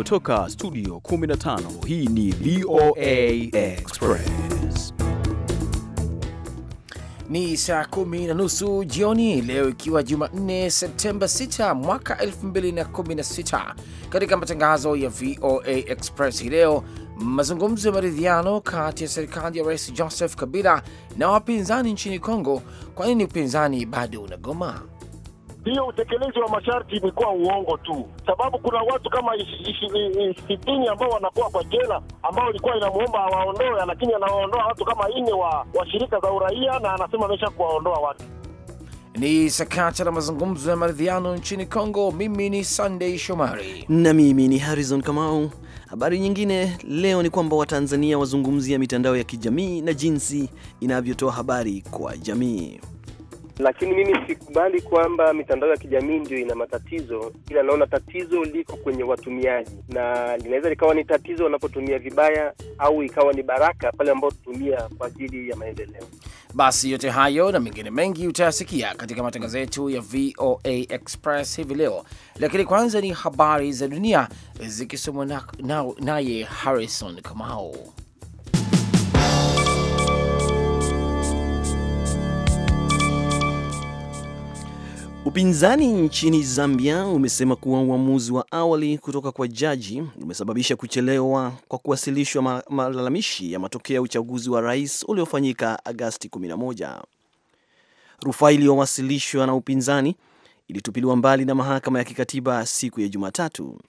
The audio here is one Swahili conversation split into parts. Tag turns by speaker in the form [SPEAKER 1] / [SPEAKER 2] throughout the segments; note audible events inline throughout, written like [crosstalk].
[SPEAKER 1] Kutoka studio 15 hii ni VOA Express.
[SPEAKER 2] Ni saa kumi na nusu jioni leo, ikiwa Jumanne Septemba 6 mwaka 2016. Katika matangazo ya VOA Express hii leo, mazungumzo ya maridhiano kati ya serikali ya Rais Joseph Kabila na wapinzani nchini Kongo. Kwa nini upinzani bado unagoma?
[SPEAKER 3] hiyo utekelezi wa masharti imekuwa uongo tu, sababu kuna watu kama sitini ambao wanakuwa kwa jela, ambao ilikuwa inamwomba awaondoe, lakini anawaondoa watu kama nne wa, wa shirika za uraia, na anasema
[SPEAKER 2] amesha kuwaondoa watu. Ni sakata la mazungumzo ya maridhiano nchini Kongo. Mimi ni Sunday Shomari
[SPEAKER 1] na mimi ni Harrison Kamau. Habari nyingine leo ni kwamba Watanzania wazungumzia mitandao ya kijamii na jinsi inavyotoa habari kwa jamii
[SPEAKER 4] lakini mimi sikubali kwamba mitandao ya kijamii ndio ina matatizo, ila naona tatizo liko kwenye watumiaji, na linaweza likawa ni tatizo wanapotumia vibaya, au ikawa ni baraka pale ambao tutumia kwa ajili ya maendeleo.
[SPEAKER 2] Basi yote hayo na mengine mengi utayasikia katika matangazo yetu ya VOA Express hivi leo, lakini kwanza ni habari za dunia zikisomwa naye na, na Harrison Kamau.
[SPEAKER 1] Upinzani nchini Zambia umesema kuwa uamuzi wa awali kutoka kwa jaji umesababisha kuchelewa kwa kuwasilishwa malalamishi ya matokeo ya uchaguzi wa rais uliofanyika Agasti 11. Rufaa iliyowasilishwa na upinzani ilitupiliwa mbali na mahakama ya kikatiba siku ya Jumatatu.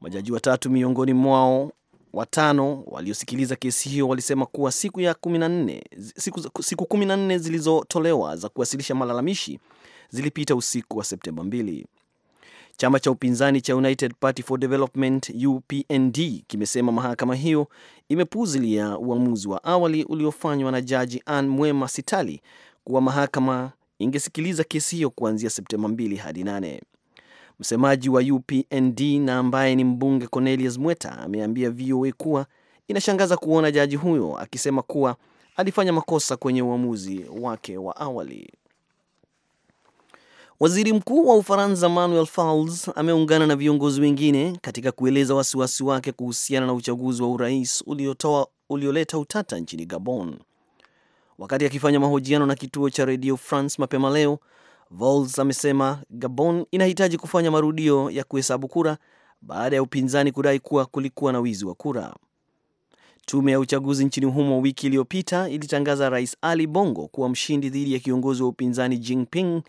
[SPEAKER 1] Majaji watatu miongoni mwao watano waliosikiliza kesi hiyo walisema kuwa siku ya 14, siku 14 zilizotolewa za kuwasilisha malalamishi zilipita usiku wa Septemba 2. Chama cha upinzani cha United Party for Development UPND kimesema mahakama hiyo imepuzilia uamuzi wa awali uliofanywa na Jaji Ann Mwema Sitali kuwa mahakama ingesikiliza kesi hiyo kuanzia Septemba 2 hadi 8. Msemaji wa UPND na ambaye ni mbunge Cornelius Mweta ameambia VOA kuwa inashangaza kuona jaji huyo akisema kuwa alifanya makosa kwenye uamuzi wake wa awali. Waziri Mkuu wa Ufaransa Manuel Valls ameungana na viongozi wengine katika kueleza wasiwasi wake kuhusiana na uchaguzi wa urais uliotoa, ulioleta utata nchini Gabon. Wakati akifanya mahojiano na kituo cha Radio France mapema leo, Valls amesema Gabon inahitaji kufanya marudio ya kuhesabu kura baada ya upinzani kudai kuwa kulikuwa na wizi wa kura. Tume ya uchaguzi nchini humo wiki iliyopita ilitangaza Rais Ali Bongo kuwa mshindi dhidi ya kiongozi wa upinzani Jinping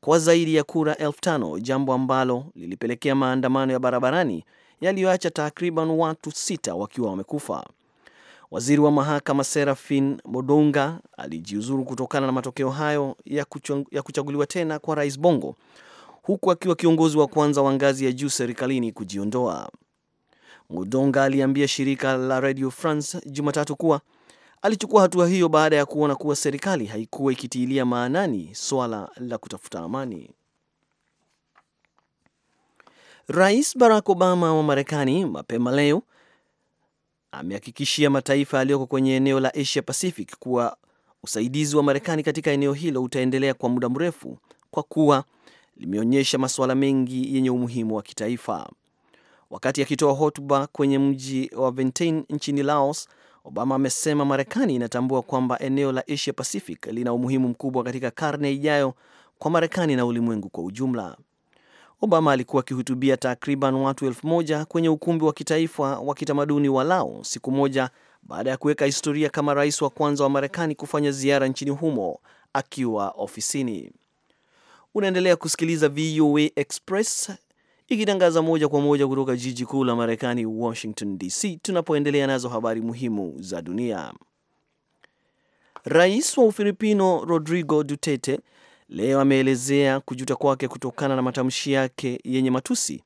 [SPEAKER 1] kwa zaidi ya kura elfu tano jambo ambalo lilipelekea maandamano ya barabarani yaliyoacha takriban watu sita wakiwa wamekufa. Waziri wa mahakama Serafin modonga alijiuzuru kutokana na matokeo hayo ya, kuchang, ya kuchaguliwa tena kwa Rais Bongo huku akiwa kiongozi wa kwanza wa ngazi ya juu serikalini kujiondoa. modonga aliambia shirika la Radio France Jumatatu kuwa Alichukua hatua hiyo baada ya kuona kuwa serikali haikuwa ikitiilia maanani swala la kutafuta amani. Rais Barack Obama wa Marekani mapema leo amehakikishia mataifa yaliyoko kwenye eneo la Asia Pacific kuwa usaidizi wa Marekani katika eneo hilo utaendelea kwa muda mrefu kwa kuwa limeonyesha masuala mengi yenye umuhimu wa kitaifa. Wakati akitoa hotuba kwenye mji wa Vientiane nchini Laos, Obama amesema Marekani inatambua kwamba eneo la Asia Pacific lina umuhimu mkubwa katika karne ijayo kwa Marekani na ulimwengu kwa ujumla. Obama alikuwa akihutubia takriban watu elfu moja kwenye ukumbi wa kitaifa wa kitamaduni wa Lao siku moja baada ya kuweka historia kama rais wa kwanza wa Marekani kufanya ziara nchini humo akiwa ofisini. Unaendelea kusikiliza VOA Express ikitangaza moja kwa moja kutoka jiji kuu la Marekani, Washington DC, tunapoendelea nazo habari muhimu za dunia. Rais wa Ufilipino Rodrigo Duterte leo ameelezea kujuta kwake kutokana na matamshi yake yenye matusi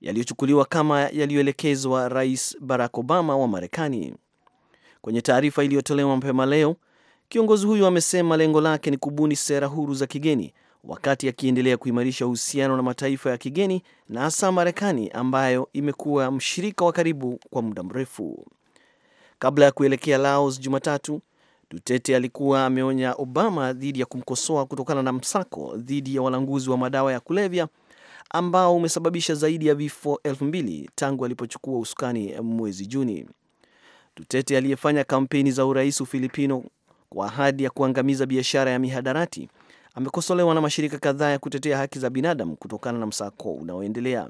[SPEAKER 1] yaliyochukuliwa kama yaliyoelekezwa Rais Barack Obama wa Marekani. Kwenye taarifa iliyotolewa mapema leo, kiongozi huyo amesema lengo lake ni kubuni sera huru za kigeni wakati akiendelea kuimarisha uhusiano na mataifa ya kigeni na hasa Marekani ambayo imekuwa mshirika wa karibu kwa muda mrefu. Kabla ya kuelekea Laos Jumatatu, Duterte alikuwa ameonya Obama dhidi ya kumkosoa kutokana na msako dhidi ya walanguzi wa madawa ya kulevya ambao umesababisha zaidi ya vifo elfu mbili tangu alipochukua usukani mwezi Juni. Duterte aliyefanya kampeni za urais Ufilipino kwa ahadi ya kuangamiza biashara ya mihadarati amekosolewa na mashirika kadhaa ya kutetea haki za binadamu kutokana na msako unaoendelea.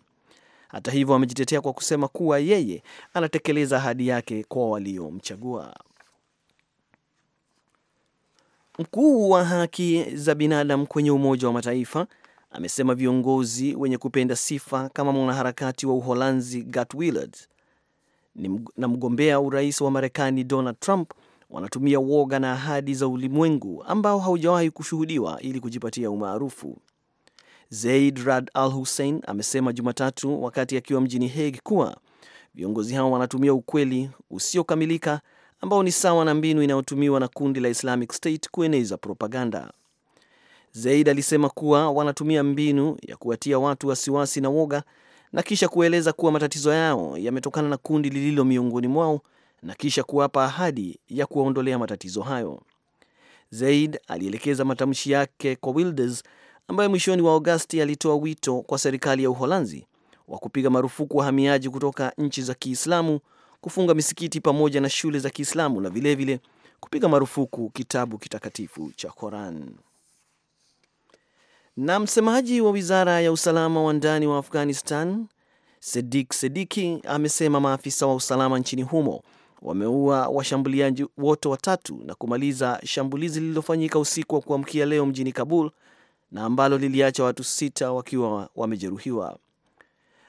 [SPEAKER 1] Hata hivyo, amejitetea kwa kusema kuwa yeye anatekeleza ahadi yake kwa waliomchagua. Mkuu wa haki za binadamu kwenye Umoja wa Mataifa amesema viongozi wenye kupenda sifa kama mwanaharakati wa Uholanzi Geert Wilders na mgombea urais wa Marekani Donald Trump wanatumia woga na ahadi za ulimwengu ambao haujawahi kushuhudiwa ili kujipatia umaarufu. Zaid Rad Al Hussein amesema Jumatatu wakati akiwa mjini Hague kuwa viongozi hao wanatumia ukweli usiokamilika ambao ni sawa na mbinu inayotumiwa na kundi la Islamic State kueneza propaganda. Zaid alisema kuwa wanatumia mbinu ya kuwatia watu wasiwasi na woga na kisha kueleza kuwa matatizo yao yametokana na kundi lililo miongoni mwao na kisha kuwapa ahadi ya kuwaondolea matatizo hayo. Zaid alielekeza matamshi yake kwa Wilders ambaye mwishoni wa Agosti alitoa wito kwa serikali ya Uholanzi wa kupiga marufuku wahamiaji kutoka nchi za Kiislamu, kufunga misikiti pamoja na shule za Kiislamu na vilevile kupiga marufuku kitabu kitakatifu cha Koran. Na msemaji wa wizara ya usalama wa ndani wa Afghanistan Sedik Sediki amesema maafisa wa usalama nchini humo wameua washambuliaji wote watatu na kumaliza shambulizi lililofanyika usiku wa kuamkia leo mjini Kabul na ambalo liliacha watu sita wakiwa wamejeruhiwa.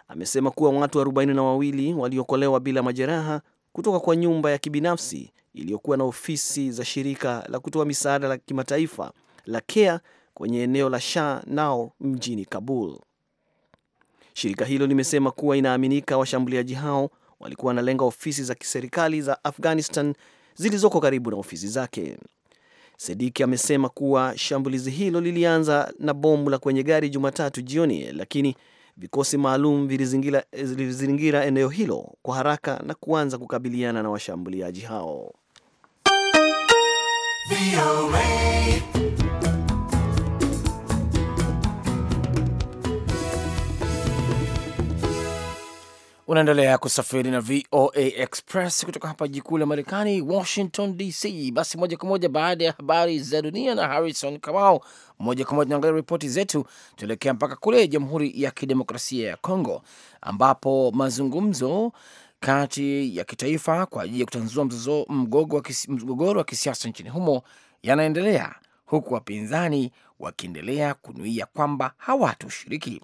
[SPEAKER 1] Amesema kuwa watu arobaini na wawili waliokolewa bila majeraha kutoka kwa nyumba ya kibinafsi iliyokuwa na ofisi za shirika la kutoa misaada la kimataifa la CARE kwenye eneo la Shah Nao mjini Kabul. Shirika hilo limesema kuwa inaaminika washambuliaji hao walikuwa wanalenga ofisi za kiserikali za Afghanistan zilizoko karibu na ofisi zake. Sediki amesema kuwa shambulizi hilo lilianza na bomu la kwenye gari Jumatatu jioni, lakini vikosi maalum vilizingira eneo hilo kwa haraka na kuanza kukabiliana na washambuliaji hao.
[SPEAKER 2] Unaendelea kusafiri na VOA Express kutoka hapa jikuu la Marekani, Washington DC. Basi moja kwa moja baada ya habari za dunia na Harrison Kamau, moja kwa moja tunaangalia ripoti zetu. Tuelekea mpaka kule Jamhuri ya Kidemokrasia ya congo ambapo mazungumzo kati ya kitaifa kwa ajili ya kutanzua mgogoro wa kisiasa nchini humo yanaendelea huku wapinzani wakiendelea kunuia kwamba hawatushiriki.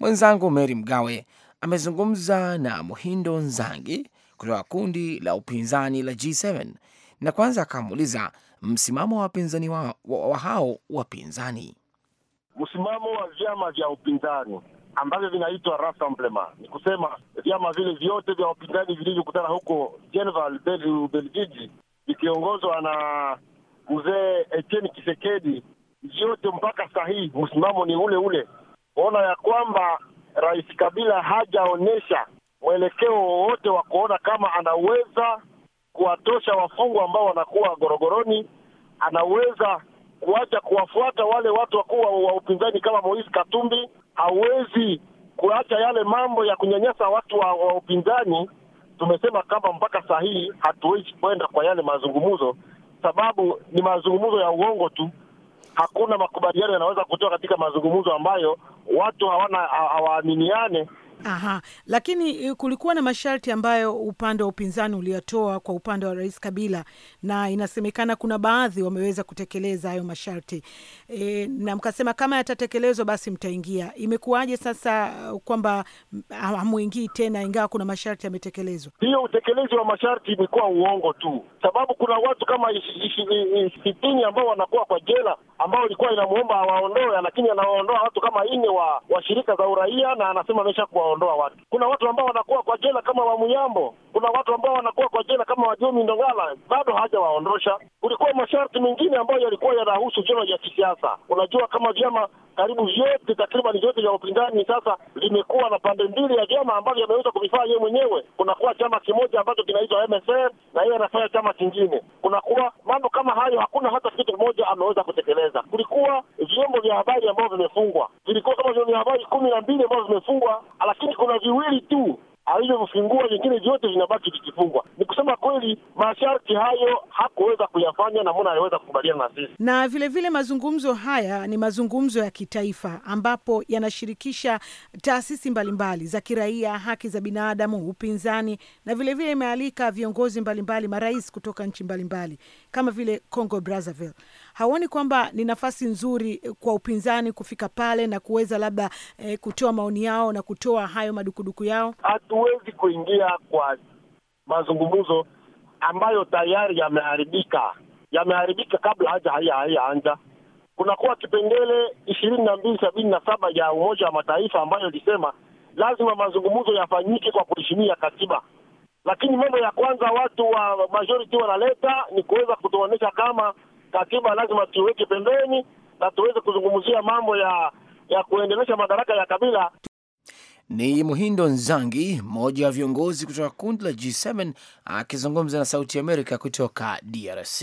[SPEAKER 2] Mwenzangu Meri Mgawe amezungumza na Muhindo Nzangi kutoka kundi la upinzani la G7 na kwanza akamuuliza msimamo wa wapinzani wa, wa, wa hao wapinzani.
[SPEAKER 3] Msimamo wa vyama vya upinzani ambavyo vinaitwa Rassemblement ni kusema vyama vile vyote vya wapinzani vilivyokutana huko Geneva, Ubelgiji, vikiongozwa na mzee Etienne Tshisekedi, vyote mpaka sahihi msimamo ni ule ule, ona ya kwamba Rais Kabila hajaonyesha mwelekeo wowote wa kuona kama anaweza kuwatosha wafungwa ambao wanakuwa gorogoroni, anaweza kuacha kuwafuata wale watu wakuu wa upinzani kama Moise Katumbi. Hawezi kuacha yale mambo ya kunyanyasa watu wa, wa upinzani. Tumesema kama mpaka saa hii hatuwezi kwenda kwa yale mazungumzo, sababu ni mazungumzo ya uongo tu hakuna makubaliano yanaweza kutoa katika mazungumzo ambayo watu hawana hawaaminiane.
[SPEAKER 5] Aha, lakini eh, kulikuwa na masharti ambayo upande wa upinzani uliyatoa kwa upande wa Rais Kabila na inasemekana kuna baadhi wameweza kutekeleza hayo masharti e, na mkasema kama yatatekelezwa basi mtaingia. Imekuwaje sasa uh, kwamba mm, hamuingii tena ingawa kuna masharti yametekelezwa?
[SPEAKER 3] Hiyo utekelezi wa masharti imekuwa uongo tu sababu kuna watu kama sitini ambao wanakuwa kwa jela ambao ilikuwa inamuomba awaondoe, lakini anawaondoa watu kama ine wa, wa shirika za uraia, na anasema amesha kuwaondoa watu. Kuna watu ambao wanakuwa kwa jela kama Wamuyambo, kuna watu ambao wanakuwa kwa jela kama Wajomi Ndongala, bado hajawaondosha. Kulikuwa masharti mengine ambayo yalikuwa yanahusu vyama vya kisiasa. Unajua kama vyama karibu vyote takriban vyote vya upinzani sasa vimekuwa na pande mbili ya vyama ambavyo yameweza kuvifanya yeye mwenyewe. Kunakuwa chama kimoja ambacho kinaitwa MSN na yeye anafanya chama kingine. Kunakuwa mambo kama hayo, hakuna hata kitu kimoja ameweza kutekeleza. Kulikuwa vyombo vya habari ambavyo vimefungwa, vilikuwa kama vyombo vya habari kumi na mbili ambavyo vimefungwa, lakini kuna viwili tu alivyofungua vingine vyote vinabaki vikifungwa. Ni kusema kweli, masharti hayo hakuweza kuyafanya na mbona aliweza kukubaliana na sisi.
[SPEAKER 5] Na vilevile vile mazungumzo haya ni mazungumzo ya kitaifa ambapo yanashirikisha taasisi mbalimbali za kiraia, haki za binadamu, upinzani na vilevile imealika vile viongozi mbalimbali, marais kutoka nchi mbalimbali mbali, kama vile Congo Brazzaville. hauoni kwamba ni nafasi nzuri kwa upinzani kufika pale na kuweza labda eh, kutoa maoni yao na kutoa hayo madukuduku yao
[SPEAKER 3] Atu huwezi kuingia kwa mazungumzo ambayo tayari yameharibika, yameharibika kabla haja haya haijaanza. Kunakuwa kipengele ishirini na mbili sabini na saba ya Umoja wa Mataifa ambayo ilisema lazima mazungumzo yafanyike kwa kuheshimia katiba, lakini mambo ya kwanza watu wa majority wanaleta ni kuweza kutuonyesha kama katiba lazima tuiweke pembeni na tuweze kuzungumzia mambo ya ya kuendelesha madaraka ya kabila.
[SPEAKER 2] Ni Muhindo Nzangi, mmoja wa viongozi kutoka kundi la G7 akizungumza na Sauti Amerika kutoka DRC.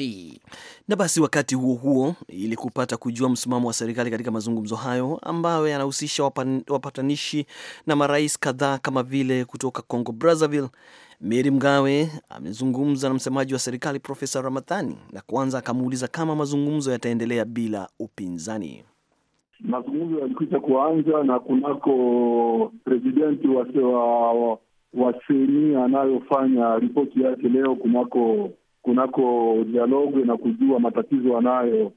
[SPEAKER 2] Na basi, wakati huo huo, ili kupata
[SPEAKER 1] kujua msimamo wa serikali katika mazungumzo hayo ambayo yanahusisha wapatanishi na marais kadhaa kama vile kutoka Congo Brazzaville, Meri Mgawe amezungumza na msemaji wa serikali Profesa Ramadhani, na kwanza akamuuliza kama mazungumzo yataendelea bila upinzani.
[SPEAKER 6] Mazungumzo yalikwisha kuanza na kunako presidenti wa wa seni anayofanya ripoti yake leo kunako kunako dialogue na kujua matatizo anayo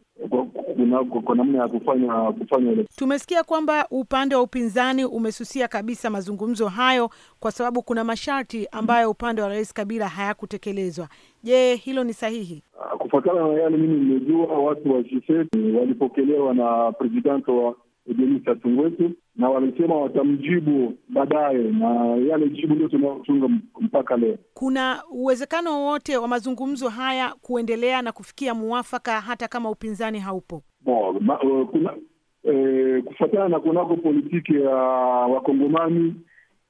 [SPEAKER 6] kwa namna ya kufanya kufanya ile.
[SPEAKER 5] Tumesikia kwamba upande wa upinzani umesusia kabisa mazungumzo hayo kwa sababu kuna masharti ambayo upande wa Rais Kabila hayakutekelezwa. Je, hilo ni sahihi?
[SPEAKER 6] Ah, kufuatana na yale mimi nimejua, watu wa Tshisekedi walipokelewa na presidenti wa Jenista Tungwetu, na walisema watamjibu baadaye, na yale jibu ndio tunaochunga mpaka leo.
[SPEAKER 5] Kuna uwezekano wote wa mazungumzo haya kuendelea na kufikia mwafaka hata kama upinzani haupo?
[SPEAKER 6] Bo, ma, kuna, e, kufuatana na kunako politiki ya Wakongomani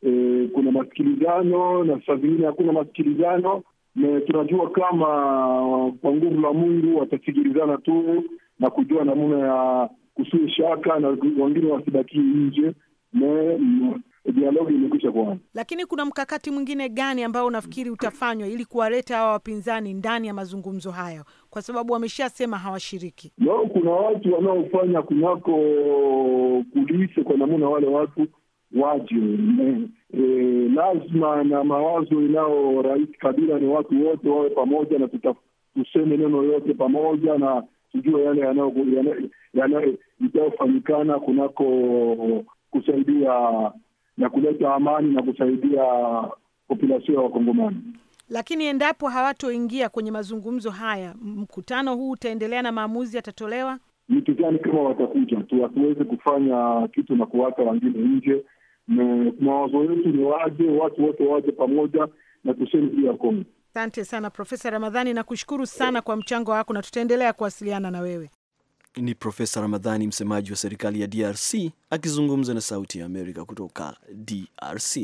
[SPEAKER 6] e, kuna masikilizano na saa zingine hakuna masikilizano na tunajua kama kwa nguvu la Mungu watasikilizana tu na kujua namna ya kusiwe shaka na wengine wasibakii nje na dialogi imekwisha kuanza.
[SPEAKER 5] Lakini kuna mkakati mwingine gani ambao unafikiri utafanywa ili kuwaleta hawa wapinzani ndani ya mazungumzo hayo, kwa sababu wameshasema hawashiriki?
[SPEAKER 6] No, kuna watu wanaofanya kunako kulise kwa namuna wale watu waje e, lazima na mawazo inao Rais Kabila ni watu wote wawe pamoja na tuta, tuseme neno yote pamoja na sijua yale yanayofanyikana kunako kusaidia na kuleta amani na kusaidia populasio ya Wakongomani.
[SPEAKER 5] Lakini endapo hawatoingia kwenye mazungumzo haya, mkutano huu utaendelea na maamuzi yatatolewa.
[SPEAKER 6] Ni kizani kama watakuja tu, hatuwezi kufanya kitu na kuwata wengine nje. Mawazo yetu ni waje, watu wote waje pamoja na tuseme juu ya Kongo.
[SPEAKER 5] Asante sana Profesa Ramadhani, nakushukuru sana kwa mchango wako na tutaendelea kuwasiliana na wewe.
[SPEAKER 6] Ni
[SPEAKER 1] Profesa Ramadhani, msemaji wa serikali ya DRC akizungumza na Sauti ya Amerika kutoka
[SPEAKER 2] DRC.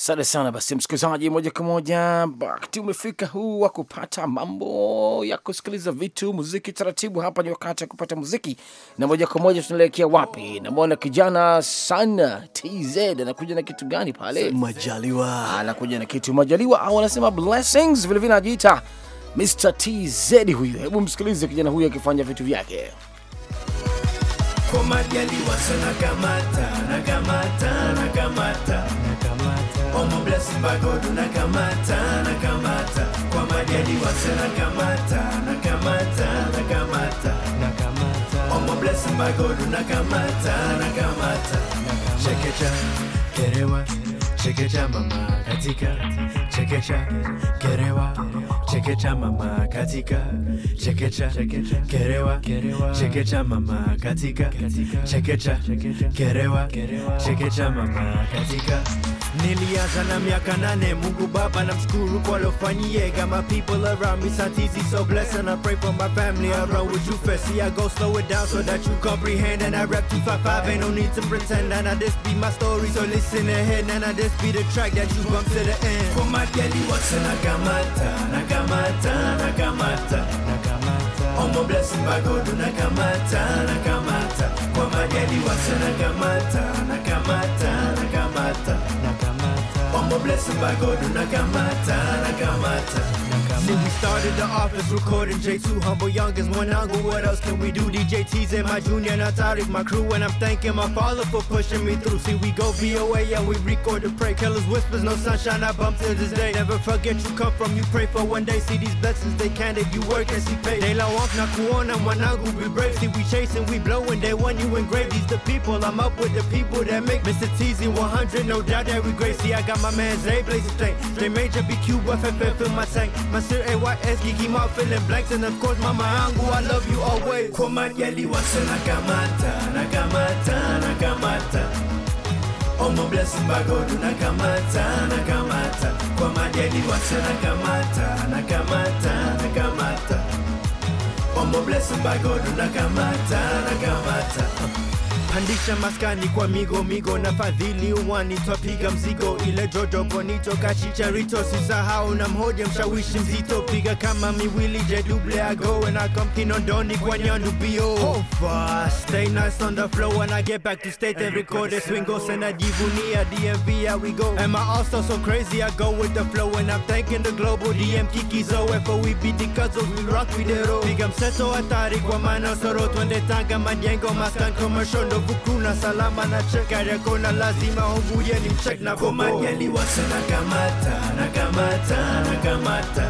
[SPEAKER 2] Asante sana. Basi msikilizaji, moja kwa moja wakati umefika huu wa kupata mambo ya kusikiliza vitu muziki taratibu. Hapa ni wakati wa kupata muziki, na moja kwa moja tunaelekea wapi? Namwona kijana sana TZ anakuja na kitu gani pale? Majaliwa anakuja na kitu Majaliwa au anasema blessings, vilevile anajiita Mr TZ huyu. Hebu msikilize kijana huyu akifanya vitu vyake.
[SPEAKER 7] Kwa Majaliwa sana, kamata nakamata nakamata Omo blessing by God nakamata kwa majadi wase nakamata nakamata nakamata nakamata Omo blessing by God unakamata nakamata chekecha kerewa chekecha mama katika chekecha kerewa chekecha mama katika chekecha kerewa chekecha mama katika chekecha kerewa chekecha mama katika Nilianza na miaka nane, Mungu Baba namshukuru kwa lofanyie. Got my people around me, it's easy so blessed and I pray for my family. I run with you first, see I go slow it down so that you comprehend. And I rap 255, ain't no need to pretend. And I this be my story, so listen ahead. And I this be the track that you bump to the end. For Kwa mageli wase nakamata, nakamata, nakamata, nakamata. Omo blessing bagodo nakamata, nakamata. Kwa mageli wase nakamata, nakamata. Mambo blessed by God, unakamata, nakamata See, we started the office recording J2 Humble youngest one angle. What else can we do? DJ TZ, my junior, not my crew. And I'm thanking my father for pushing me through. See, we go BOA, yeah, we record the pray. Killers whispers, no sunshine, I bump to this day. Never forget you come from, you pray for one day. See, these blessings, they can not if you work and see pay. They low off, not on. kuona, one angle, we brave. See, we chasing, we blowing, they want you engraved. These the people, I'm up with the people that make Mr. TZ 100. No doubt that we great. See, I got my man Zay Blaze thing. They major BQ, FFF in my tank. My Mr. AYS Geeky Mob feeling blanks and of course mama yangu I love you always Kwa majali wase nakamata nakamata nakamata Omo blessing bagodu nakamata nakamata Kwa majali wase nakamata nakamata nakamata Omo blessing bagodu nakamata nakamata pandisha maskani kwa migo na fadhili uwani twapiga mzigo ile jojo kachicharito sisahau na mhoja mshawishi mzito piga kama miwili jeduble agoe na kamkinondoni kwa nyandu stay nice on the flow when I get back to state record chord swingos and najivunia DMV here we go am I also so crazy I go with the flow and I'm thanking the global DM kikizo FOEB we rock with the road piga mseto hatari kwa maana soro twende tanga majengo maskan commercial vuku na salama na cheka ya kona lazima hungulie ni mchek na komanyeli wasa na kamata na kamata na kamata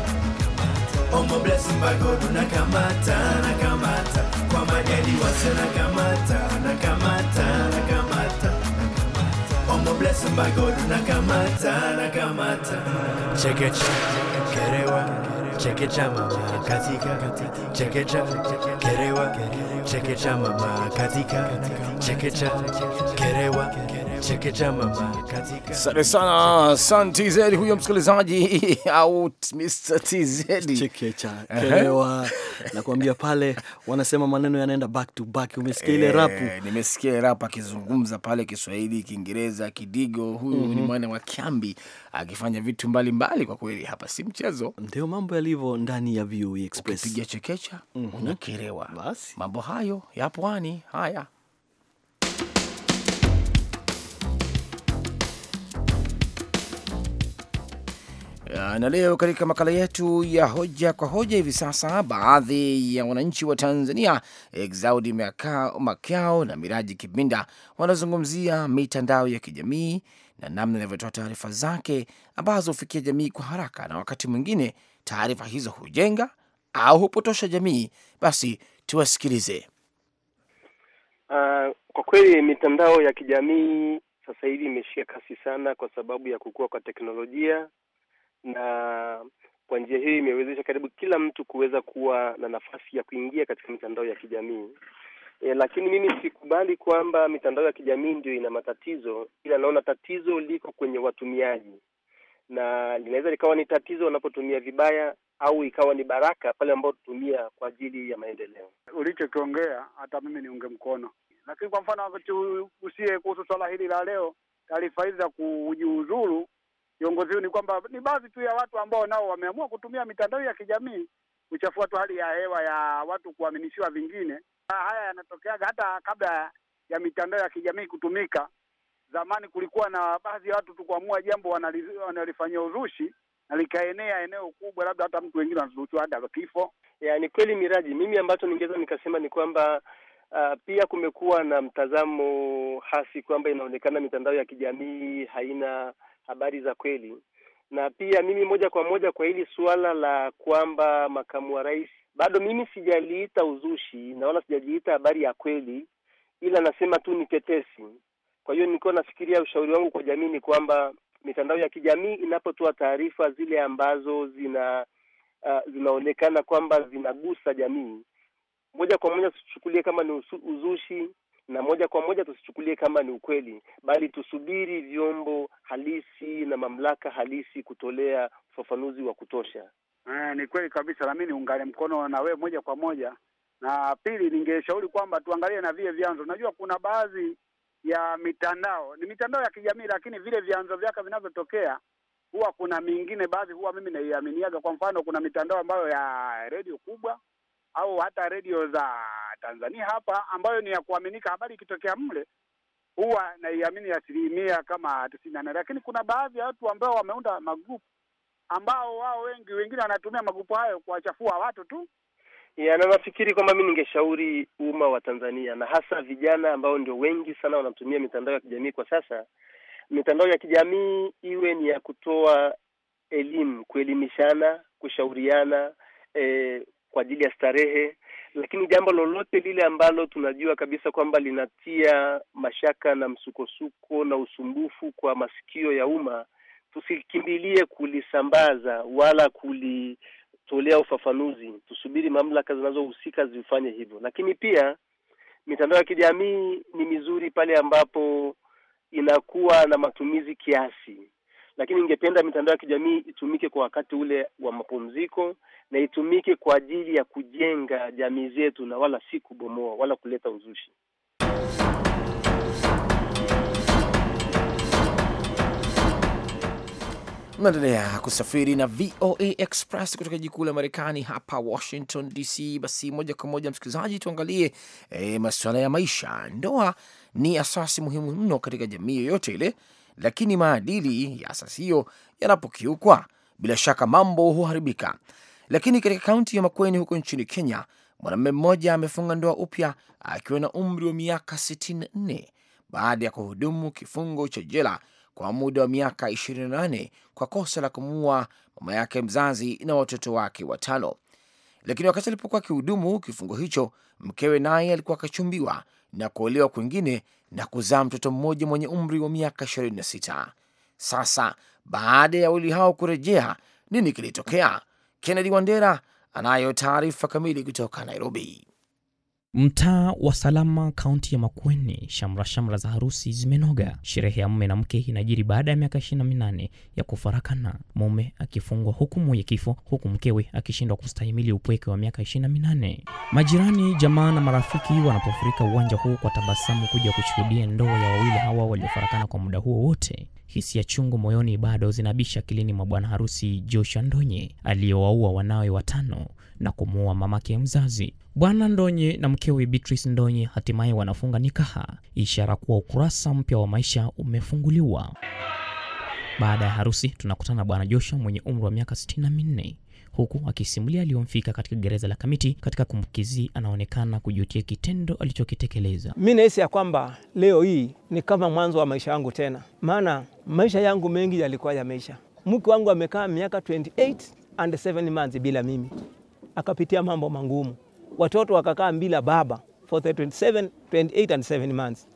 [SPEAKER 7] Omo blessing by God na kamata na kamata kwa manyeli wasa na kamata na kamata na kamata Omo blessing by God na kamata na kamata Check it, check kerewa Cheque it, chama katika Cheque it, kerewa Cheque it, chama katika Cheque it, check. it, kerewa
[SPEAKER 2] Asante sana San TZ, huyo msikilizaji [laughs] au Mr TZ chekechakelewa nakuambia, pale wanasema maneno
[SPEAKER 1] yanaenda back to back. Umesikia ile eh, rapu?
[SPEAKER 2] Nimesikia rapu akizungumza pale Kiswahili, Kiingereza, Kidigo. Huyu mm -hmm. ni mhm. mwana wa Kiambi akifanya vitu mbalimbali mbali. Kwa kweli hapa si mchezo,
[SPEAKER 1] ndio mambo yalivyo ndani ya VOA e Express. Ukipiga chekecha mm -hmm.
[SPEAKER 2] unakerewa. Basi mambo hayo ya pwani haya Na leo katika makala yetu ya hoja kwa hoja, hivi sasa baadhi ya wananchi wa Tanzania Exaudi makao na Miraji Kibinda wanazungumzia mitandao ya kijamii na namna inavyotoa taarifa zake ambazo hufikia jamii kwa haraka, na wakati mwingine taarifa hizo hujenga au hupotosha jamii. Basi tuwasikilize.
[SPEAKER 4] Uh, kwa kweli mitandao ya kijamii sasa hivi imeshia kasi sana kwa sababu ya kukua kwa teknolojia na kwa njia hii imewezesha karibu kila mtu kuweza kuwa na nafasi ya kuingia katika mitandao ya kijamii e, lakini mimi sikubali kwamba mitandao ya kijamii ndio ina matatizo, ila naona tatizo liko kwenye watumiaji, na linaweza likawa ni tatizo wanapotumia vibaya au ikawa ni baraka pale ambao tutumia kwa ajili ya maendeleo.
[SPEAKER 8] Ulichokiongea hata mimi niunge mkono, lakini kwa mfano usie kuhusu swala hili la leo, taarifa hizi za kujiuzuru viongozi huu ni kwamba ni baadhi tu ya watu ambao nao wameamua kutumia mitandao ya kijamii kuchafua tu hali ya hewa ya watu kuaminishiwa vingine. Haya yanatokeaga hata kabla ya mitandao ya kijamii kutumika. Zamani kulikuwa na baadhi ya watu tu kuamua jambo wanalifanyia uzushi na likaenea eneo kubwa, labda hata mtu wengine wanazushiwa hata kifo. Ni kweli Miraji, mimi ambacho ningeweza nikasema ni kwamba
[SPEAKER 4] Uh, pia kumekuwa na mtazamo hasi kwamba inaonekana mitandao ya kijamii haina habari za kweli. Na pia mimi moja kwa moja kwa hili suala la kwamba makamu wa rais, bado mimi sijaliita uzushi na wala sijajiita habari ya kweli, ila nasema tu ni tetesi. Kwa hiyo nilikuwa nafikiria, ushauri wangu kwa jamii ni kwamba mitandao ya kijamii inapotoa taarifa zile ambazo zina uh, zinaonekana kwamba zinagusa jamii moja kwa moja, tuchukulie kama ni uzushi na moja kwa moja tusichukulie kama ni ukweli, bali tusubiri
[SPEAKER 8] vyombo halisi na mamlaka halisi kutolea ufafanuzi wa kutosha. Eh, ni kweli kabisa, nami niungane mkono na wewe moja kwa moja. Na pili, ningeshauri kwamba tuangalie na vile vyanzo. Unajua kuna baadhi ya mitandao ni mitandao ya kijamii, lakini vile vyanzo vyake vinavyotokea huwa kuna mingine, baadhi huwa mimi naiaminiaga. Kwa mfano, kuna mitandao ambayo ya redio kubwa au hata redio za Tanzania hapa ambayo ni ya kuaminika, habari ikitokea mle huwa naiamini asilimia kama tisini na nane, lakini kuna baadhi ya watu ambao wameunda magrupu ambao wao wengi wengine wanatumia magrupu hayo kuwachafua watu tu.
[SPEAKER 4] ya na nafikiri kwamba mi ningeshauri umma wa Tanzania na hasa vijana ambao ndio wengi sana wanatumia mitandao ya kijamii kwa sasa, mitandao ya kijamii iwe ni ya kutoa elimu, kuelimishana, kushauriana, eh, kwa ajili ya starehe, lakini jambo lolote lile ambalo tunajua kabisa kwamba linatia mashaka na msukosuko na usumbufu kwa masikio ya umma, tusikimbilie kulisambaza wala kulitolea ufafanuzi. Tusubiri mamlaka zinazohusika zifanye hivyo, lakini pia mitandao ya kijamii ni mizuri pale ambapo inakuwa na matumizi kiasi lakini ningependa mitandao ya kijamii itumike kwa wakati ule wa mapumziko na itumike kwa ajili ya kujenga jamii zetu na wala si kubomoa wala kuleta uzushi.
[SPEAKER 2] Naendelea kusafiri na VOA Express kutoka jiji kuu la Marekani hapa Washington DC. Basi moja kwa moja, msikilizaji, tuangalie e, masuala ya maisha. Ndoa ni asasi muhimu mno katika jamii yoyote ile, lakini maadili ya asasi hiyo yanapokiukwa, bila shaka mambo huharibika. Lakini katika kaunti ya Makueni huko nchini Kenya, mwanamume mmoja amefunga ndoa upya akiwa na umri wa miaka 64 baada ya kuhudumu kifungo cha jela kwa muda wa miaka 28 kwa kosa la kumuua mama yake mzazi na watoto wake watano. Lakini wakati alipokuwa akihudumu kifungo hicho, mkewe naye alikuwa akachumbiwa na kuolewa kwingine na kuzaa mtoto mmoja mwenye umri wa miaka 26. Sasa baada ya wawili hao kurejea, nini kilitokea? Kennedy Wandera anayo taarifa kamili kutoka Nairobi.
[SPEAKER 9] Mtaa wa Salama, kaunti ya Makueni, shamra shamra za harusi zimenoga. Sherehe ya mume na mke inajiri baada ya miaka ishirini na minane ya kufarakana, mume akifungwa hukumu ya kifo, huku mkewe akishindwa kustahimili upweke wa miaka ishirini na minane. Majirani, jamaa na marafiki wanapofurika uwanja huu kwa tabasamu kuja kushuhudia ndoa ya wawili hawa waliofarakana kwa muda huo wote. Hisia chungu moyoni bado zinabisha kilini mwa bwana harusi Joshua Ndonye aliyewaua wanawe watano na kumuua mamake mzazi. Bwana Ndonye na mkewe Beatrice Ndonye hatimaye wanafunga nikaha, ishara kuwa ukurasa mpya wa maisha umefunguliwa. Baada ya harusi, tunakutana Bwana Joshua mwenye umri wa miaka 64 huku akisimulia aliyomfika katika gereza la Kamiti. Katika kumbukizi, anaonekana kujutia kitendo alichokitekeleza.
[SPEAKER 4] Mi nahisi ya kwamba leo hii ni kama mwanzo wa maisha yangu tena, maana maisha yangu mengi yalikuwa ya maisha. Mke wangu amekaa miaka 28 and 7 months bila mimi, akapitia mambo mangumu watoto wakakaa bila baba for the 27, 28 and 7 months,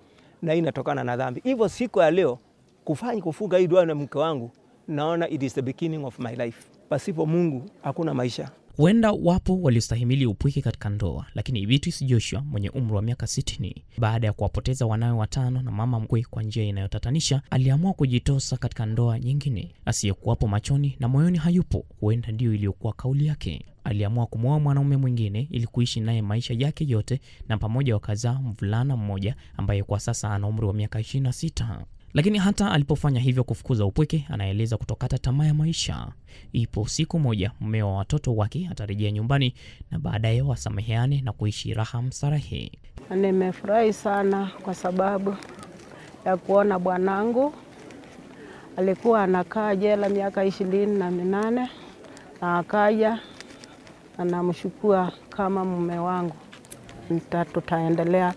[SPEAKER 4] na inatokana na dhambi. Hivyo siku ya leo kufanya kufunga hii dua na mke wangu, naona it is the beginning of my life. Pasipo Mungu hakuna maisha.
[SPEAKER 9] Huenda wapo waliostahimili upwike katika ndoa, lakini Ibitius Joshua mwenye umri wa miaka 60 baada ya kuwapoteza wanawe watano na mama mkwe kwa njia inayotatanisha, aliamua kujitosa katika ndoa nyingine. Asiyekuwapo machoni na moyoni hayupo, huenda ndiyo iliyokuwa kauli yake. Aliamua kumwoa mwanaume mwingine ili kuishi naye maisha yake yote, na pamoja wakazaa mvulana mmoja ambaye kwa sasa ana umri wa miaka 26. Lakini hata alipofanya hivyo kufukuza upweke, anaeleza kutokata tamaa ya maisha. Ipo siku moja mume wa watoto wake atarejea nyumbani na baadaye wasameheane na kuishi raha mstarehe.
[SPEAKER 5] Nimefurahi sana kwa sababu ya kuona bwanangu alikuwa anakaa jela miaka ishirini na minane na akaja, anamshukua kama mume wangu. Tutaendelea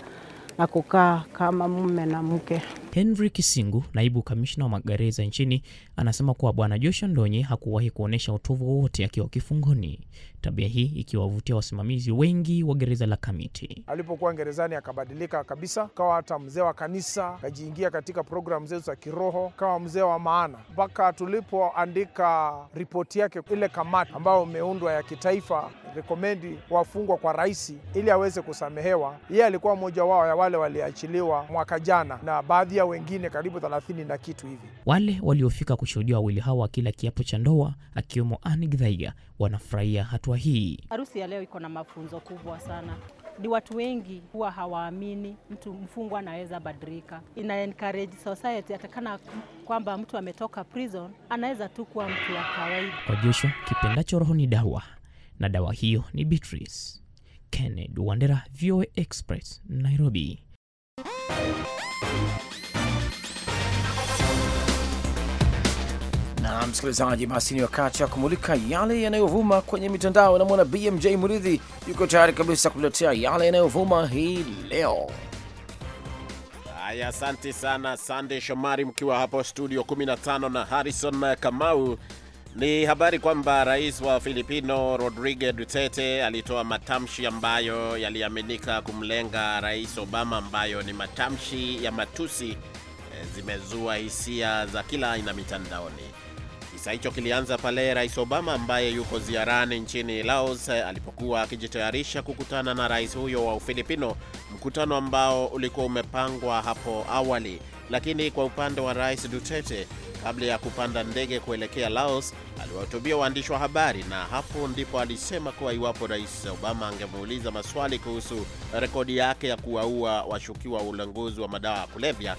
[SPEAKER 5] na kukaa kama mume na mke.
[SPEAKER 9] Henry Kisingu, naibu kamishna wa magereza nchini, anasema kuwa Bwana Joshua Ndonye hakuwahi kuonesha utovu wowote akiwa kifungoni tabia hii ikiwavutia wasimamizi wengi wa gereza la Kamiti.
[SPEAKER 8] Alipokuwa gerezani akabadilika kabisa, kawa hata mzee wa kanisa, akajiingia katika programu zetu za kiroho, kawa mzee wa maana, mpaka tulipoandika ripoti yake ile kamati ambayo umeundwa ya kitaifa rekomendi wafungwa kwa rais ili aweze kusamehewa. Yeye alikuwa mmoja wao ya wale waliachiliwa mwaka jana na baadhi ya wengine karibu thelathini na
[SPEAKER 5] kitu hivi.
[SPEAKER 9] Wale waliofika kushuhudia wawili hawa kila kiapo cha ndoa akiwemo Anne Githaiga wanafurahia hatu hatua hii.
[SPEAKER 5] Harusi ya leo iko na mafunzo kubwa sana ni watu wengi huwa hawaamini mtu mfungwa anaweza badilika. Ina encourage society atakana kwamba mtu ametoka prison anaweza tu kuwa mtu wa kawaida.
[SPEAKER 9] Kwa Joshua, kipendacho roho ni dawa na dawa hiyo ni Beatrice. Kennedy Wandera, VOA Express, Nairobi.
[SPEAKER 2] msikilizaji, basi ni wakati wa kumulika yale yanayovuma kwenye mitandao. Namwona BMJ Muridhi yuko tayari kabisa kuletea yale yanayovuma hii
[SPEAKER 10] leo. Haya, asante sana Sande Shomari, mkiwa hapo studio 15 na Harrison Kamau. Ni habari kwamba rais wa Filipino Rodrigue Duterte alitoa matamshi ambayo yaliaminika kumlenga Rais Obama, ambayo ni matamshi ya matusi, eh, zimezua hisia za kila aina mitandaoni. Kisa hicho kilianza pale Rais Obama ambaye yuko ziarani nchini Laos eh, alipokuwa akijitayarisha kukutana na rais huyo wa Ufilipino, mkutano ambao ulikuwa umepangwa hapo awali. Lakini kwa upande wa Rais Duterte, kabla ya kupanda ndege kuelekea Laos, aliwahutubia waandishi wa habari, na hapo ndipo alisema kuwa iwapo Rais Obama angemuuliza maswali kuhusu rekodi yake ya kuwaua washukiwa ulanguzi wa madawa ya kulevya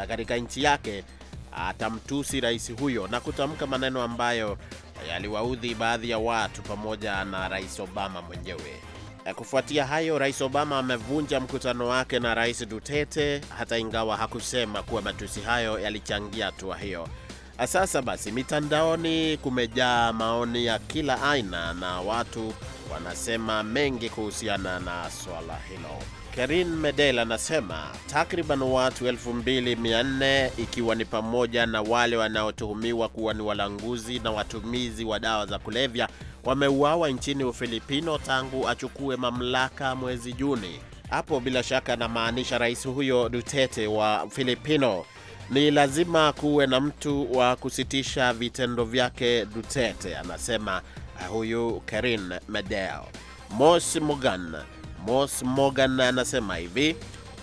[SPEAKER 10] eh, katika nchi yake atamtusi rais huyo na kutamka maneno ambayo yaliwaudhi baadhi ya watu pamoja na rais Obama mwenyewe. E, kufuatia hayo, rais Obama amevunja mkutano wake na rais Duterte, hata ingawa hakusema kuwa matusi hayo yalichangia hatua hiyo. Ah, sasa basi, mitandaoni kumejaa maoni ya kila aina na watu wanasema mengi kuhusiana na swala hilo. Karin Medel anasema takriban watu 2400 ikiwa ni pamoja na wale wanaotuhumiwa kuwa ni walanguzi na watumizi wa dawa za kulevya wameuawa nchini Ufilipino tangu achukue mamlaka mwezi Juni. Hapo bila shaka anamaanisha rais huyo Duterte wa Filipino. Ni lazima kuwe na mtu wa kusitisha vitendo vyake, Duterte anasema eh, huyu Karin medel Mos Morgan, Mos Morgan anasema hivi,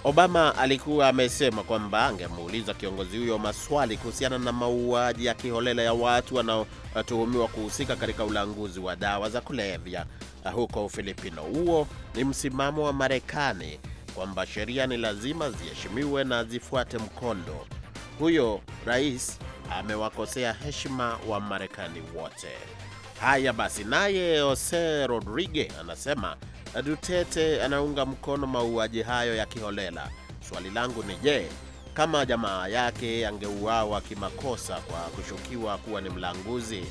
[SPEAKER 10] Obama alikuwa amesema kwamba angemuuliza kiongozi huyo maswali kuhusiana na mauaji ya kiholela ya watu wanaotuhumiwa kuhusika katika ulanguzi wa dawa za kulevya eh, huko Ufilipino. Huo ni msimamo wa Marekani kwamba sheria ni lazima ziheshimiwe na zifuate mkondo huyo rais amewakosea heshima wa Marekani wote. Haya basi, naye Jose Rodrigue anasema Duterte anaunga mkono mauaji hayo ya kiholela. Swali langu ni je, kama jamaa yake angeuawa kimakosa kwa kushukiwa kuwa ni mlanguzi,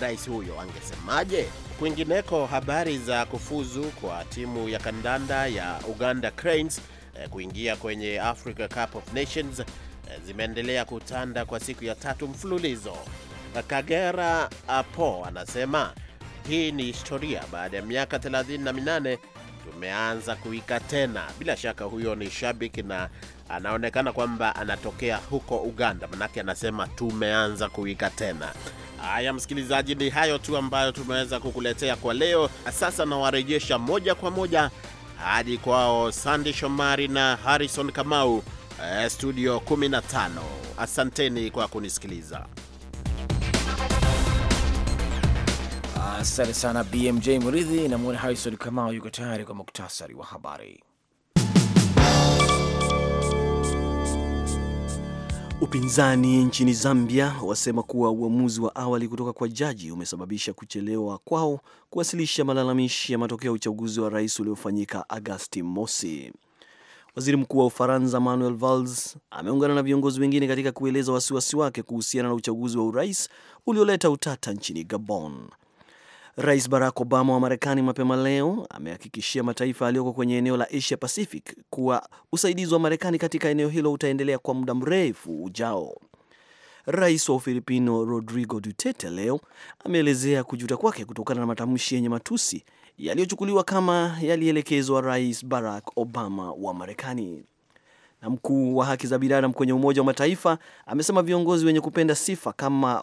[SPEAKER 10] rais huyo angesemaje? Kwingineko, habari za kufuzu kwa timu ya kandanda ya Uganda Cranes eh, kuingia kwenye Africa Cup of Nations zimeendelea kutanda kwa siku ya tatu mfululizo. Kagera Apo anasema hii ni historia, baada ya miaka 38 tumeanza kuika tena. Bila shaka huyo ni shabiki na anaonekana kwamba anatokea huko Uganda, manake anasema tumeanza kuika tena. Haya msikilizaji, ni hayo tu ambayo tumeweza kukuletea kwa leo. Sasa nawarejesha moja kwa moja hadi kwao Sandi Shomari na Harrison Kamau eh, studio 15. Asanteni kwa kunisikiliza.
[SPEAKER 2] Asante sana BMJ Muridhi na Mwona Harison Kamau yuko tayari kwa muktasari wa habari.
[SPEAKER 1] Upinzani nchini Zambia wasema kuwa uamuzi wa awali kutoka kwa jaji umesababisha kuchelewa kwao kuwasilisha malalamishi ya matokeo ya uchaguzi wa rais uliofanyika Agasti mosi. Waziri Mkuu wa Ufaransa Manuel Valls ameungana na viongozi wengine katika kueleza wasiwasi wake kuhusiana na uchaguzi wa urais ulioleta utata nchini Gabon. Rais Barack Obama wa Marekani mapema leo amehakikishia mataifa yaliyoko kwenye eneo la Asia Pacific kuwa usaidizi wa Marekani katika eneo hilo utaendelea kwa muda mrefu ujao. Rais wa Ufilipino Rodrigo Duterte leo ameelezea kujuta kwake kutokana na matamshi yenye matusi yaliyochukuliwa kama yalielekezwa Rais Barack Obama wa Marekani na mkuu wa haki za binadamu kwenye Umoja wa Mataifa amesema viongozi wenye kupenda sifa kama,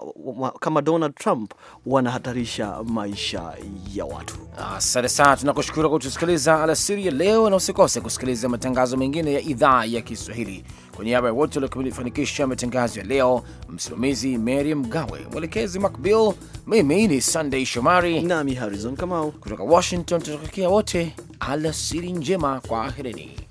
[SPEAKER 1] kama Donald Trump wanahatarisha maisha
[SPEAKER 2] ya watu. Asante sana, tunakushukuru kwa kutusikiliza alasiri ya leo, na usikose kusikiliza matangazo mengine ya idhaa ya Kiswahili. Kwa niaba ya wote waliofanikisha matangazo ya leo, msimamizi Mary Mgawe, mwelekezi Macbill, mimi ni Sunday Shomari nami Harrison Kamau kutoka Washington, tunatakia wote alasiri njema, kwa kwaherini.